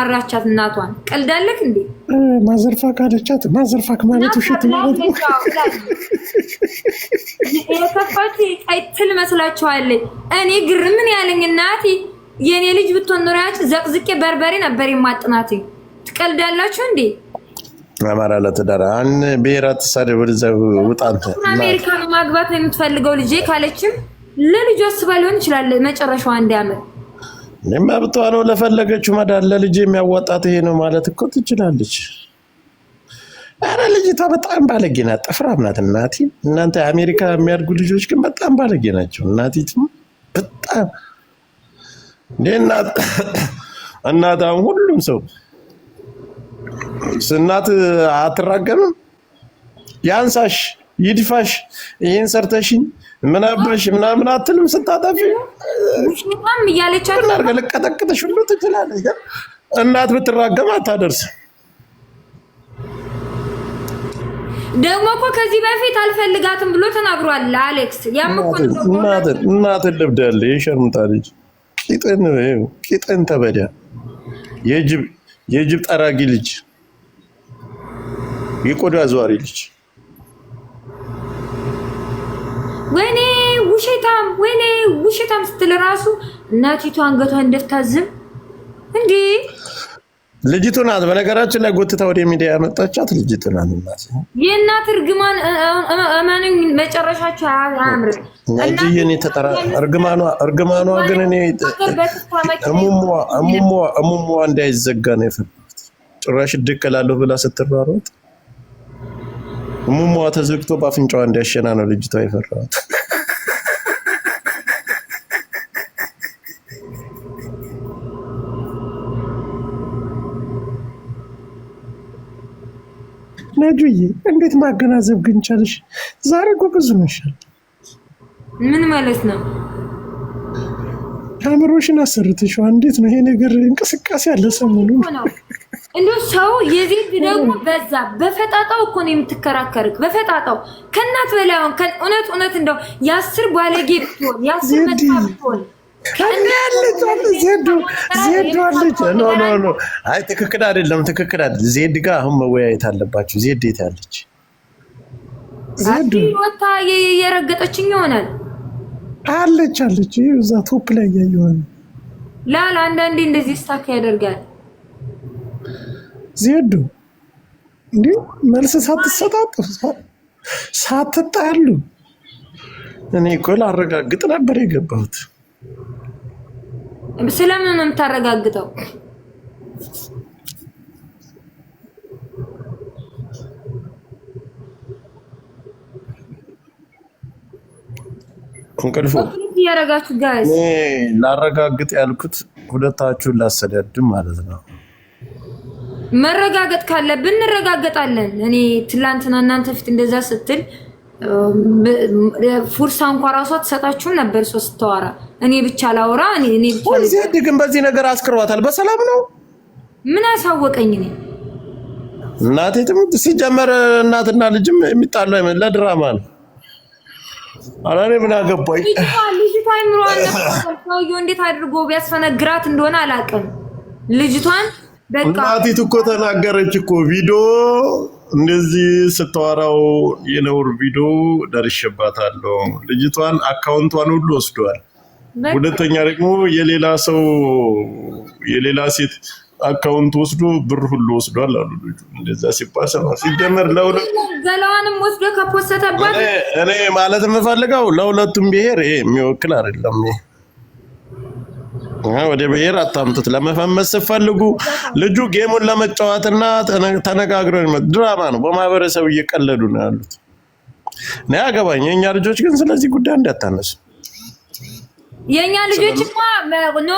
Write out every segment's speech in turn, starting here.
አራቻት እናቷን ቀልዳለክ እንዴ? ማዘርፋ ካደቻት ማዘርፋክ ማለት ውሸት ማለት ነው። የከፋች ቀይትል መስላችኋለች። እኔ ግር ምን ያለኝ እናቴ፣ የእኔ ልጅ ብትሆን ኖሪያች ዘቅዝቄ በርበሬ ነበር የማጥናት። ትቀልዳላችሁ እንዴ? አማራ ለትዳር አን ብሔራ ተሳደ ወደዛ ውጣንተ አሜሪካኑ ማግባት ነው የምትፈልገው ልጄ ካለችም ለልጇ ስባ ሊሆን ይችላል አንድ ያመት መብቷ ነው። ለፈለገችው መዳን ለልጅ የሚያወጣት ይሄ ነው ማለት እኮ ትችላለች። አረ ልጅቷ በጣም ባለጌ ናት፣ ጠፍራም ናት። እናቲ እናንተ የአሜሪካ የሚያድጉ ልጆች ግን በጣም ባለጌ ናቸው። እናቲቱ በጣም እናት አሁን ሁሉም ሰው ስናት አትራገምም ያንሳሽ ይድፋሽ ይሄን ሰርተሽኝ ምናባሽ ምናምን አትልም። ስታጠፊ እያለቻትናርገ ልቀጠቅጥሽ ሁሉ ትችላለች። እናት ብትራገም አታደርስ። ደግሞ እኮ ከዚህ በፊት አልፈልጋትም ብሎ ተናግሯል አሌክስ። እናትን ልብዳለ የሸርምጣ ልጅ ቂጥን ተበዳ የጅብ ጠራጊ ልጅ የቆዳ ዘዋሪ ልጅ ወይኔ ውሸታም፣ ወይኔ ውሸታም ስትል ራሱ እናቲቱ አንገቷ እንደታዝም እንዴ ልጅቱ ናት። በነገራችን ላይ ጎትታ ወደ ሚዲያ ያመጣቻት ልጅቱ ናት። እናት የእናት እርግማን እመኑኝ፣ መጨረሻቸው አያምርም እንጂ የኔ ተጠራ እርግማኗ እርግማኗ ግን እኔ እሙሟ እንዳይዘጋ ነው የፈለኩት። ጭራሽ ድቅ እላለሁ ብላ ስትሯሯጥ ሙሟ ተዘግቶ በአፍንጫዋ እንዲያሸና ነው ልጅቷ የፈራዋት። ነጁዬ እንዴት ማገናዘብ ግን ቻለሽ? ዛሬ ጎበዝ ነሻል። ምን ማለት ነው? አእምሮሽን አሰርተሽዋ። እንዴት ነው ይሄ ነገር? እንቅስቃሴ አለ ሰሞኑን እንዲሁ ሰው የዜድ ደግሞ በዛ በፈጣጣው እኮ ነው የምትከራከርክ። በፈጣጣው ከእናት በላይ አሁን እውነት እውነት እንደው የአስር ባለጌ ብትሆን የአስር መጣ ብትሆን አይ ትክክል አይደለም፣ ትክክል አይደለም። ዜድ ጋር አሁን መወያየት አለባችሁ። ዜድ የት ያለች ወታ የረገጠችኝ ይሆናል አለች አለች። እዛ ቶፕ ላይ ላል አንዳንዴ እንደዚህ ስታክ ያደርጋል ዜዱ እንዲ መልስ ሳትሰጣጡ ሳትጣሉ፣ እኔ እኮ ላረጋግጥ ነበር የገባሁት። ስለምን ነው የምታረጋግጠው? እንቅልፉ ላረጋግጥ ያልኩት ሁለታችሁን ላሰዳድም ማለት ነው። መረጋገጥ ካለብን እንረጋገጣለን። እኔ ትላንትና እናንተ ፊት እንደዛ ስትል ፉርሳ እንኳ ራሷ ትሰጣችሁም ነበር። ሰው ስታወራ እኔ ብቻ ላውራ እኔ ዜድ ግን በዚህ ነገር አስክሯታል። በሰላም ነው ምን አሳወቀኝ እኔ እናቴ ትምህርት ሲጀመር እናትና ልጅም የሚጣሉ አይመስል ለድራማ ነው። አላኔ ምን አገባኝ። ልጅቷ ይምሯ ሰውየው እንዴት አድርጎ ቢያስፈነግራት እንደሆነ አላውቅም ልጅቷን እናቲቱ እኮ ተናገረች እኮ ቪዲዮ እንደዚህ ስታወራው የነውር ቪዲዮ ደርሼባታለሁ። ልጅቷን አካውንቷን ሁሉ ወስዷል። ሁለተኛ ደግሞ የሌላ ሰው የሌላ ሴት አካውንት ወስዶ ብር ሁሉ ወስዷል አሉ። ልጁ እንደዛ ሲባል ሰማ። ሲጀመር ለሁለት ዘለዋንም ወስዶ ከፖስተባት እኔ ማለት የምፈልገው ለሁለቱም ብሄር ይሄ የሚወክል አይደለም። ወደ ብሔር አታምጡት። ለመፈመስ ስትፈልጉ ልጁ ጌሙን ለመጫወትና ተነጋግረው ድራማ ነው። በማህበረሰብ እየቀለዱ ነው ያሉት። ና ያገባኝ። የእኛ ልጆች ግን ስለዚህ ጉዳይ እንዳታነሱ። የእኛ ልጆች ኖ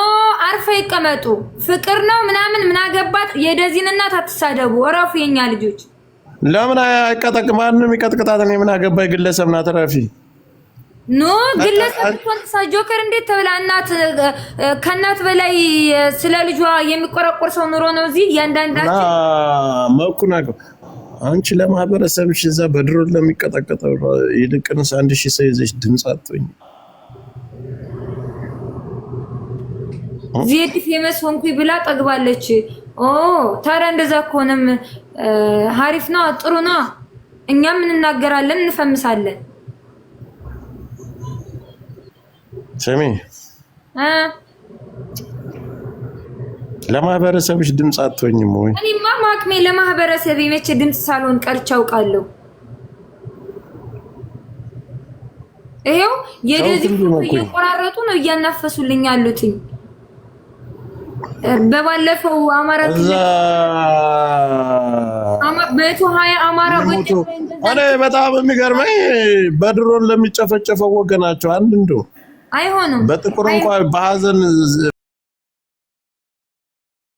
አርፈ ይቀመጡ። ፍቅር ነው ምናምን ምናገባት። የደዚህን እናት አትሳደቡ፣ እረፉ። የእኛ ልጆች ለምን አይቀጠቅም? ማንም ይቀጥቅጣት። እኔ ምን አገባኝ? ግለሰብ ናት። እረፊ። ኖ ግለሰብ ብትሆን ጆከር እንዴት ተብላ እናት ከእናት በላይ ስለ ልጇ የሚቆረቆር ሰው ኑሮ ነው። እዚህ እያንዳንዳችን መኩና አንቺ ለማህበረሰብሽ እዛ በድሮ ለሚቀጠቀጠው ይልቅንስ አንድ ሺህ ሰው ይዘሽ ድምፅ አትሆኝ። ዜድ ፌመስ ሆንኩኝ ብላ ጠግባለች። ኦ ታዲያ እንደዛ ከሆነም ሀሪፍ ነው ጥሩ ነው። እኛም እንናገራለን፣ እንፈምሳለን ስሚ ለማህበረሰብሽ ድምፅ አትሆኝም ወይ? እኔማ ማክሜ ለማህበረሰብ መቼ ድምፅ ሳልሆን ቀርቼ አውቃለሁ። ይኸው የደዚህ እየቆራረጡ ነው እያናፈሱልኝ ያሉትኝ። በባለፈው አማራ በመቶ ሀያ አማራ እኔ በጣም የሚገርመኝ በድሮን ለሚጨፈጨፈው ወገናቸው አንድ እንደው አይሆንም። በጥቁር እንኳን በሀዘን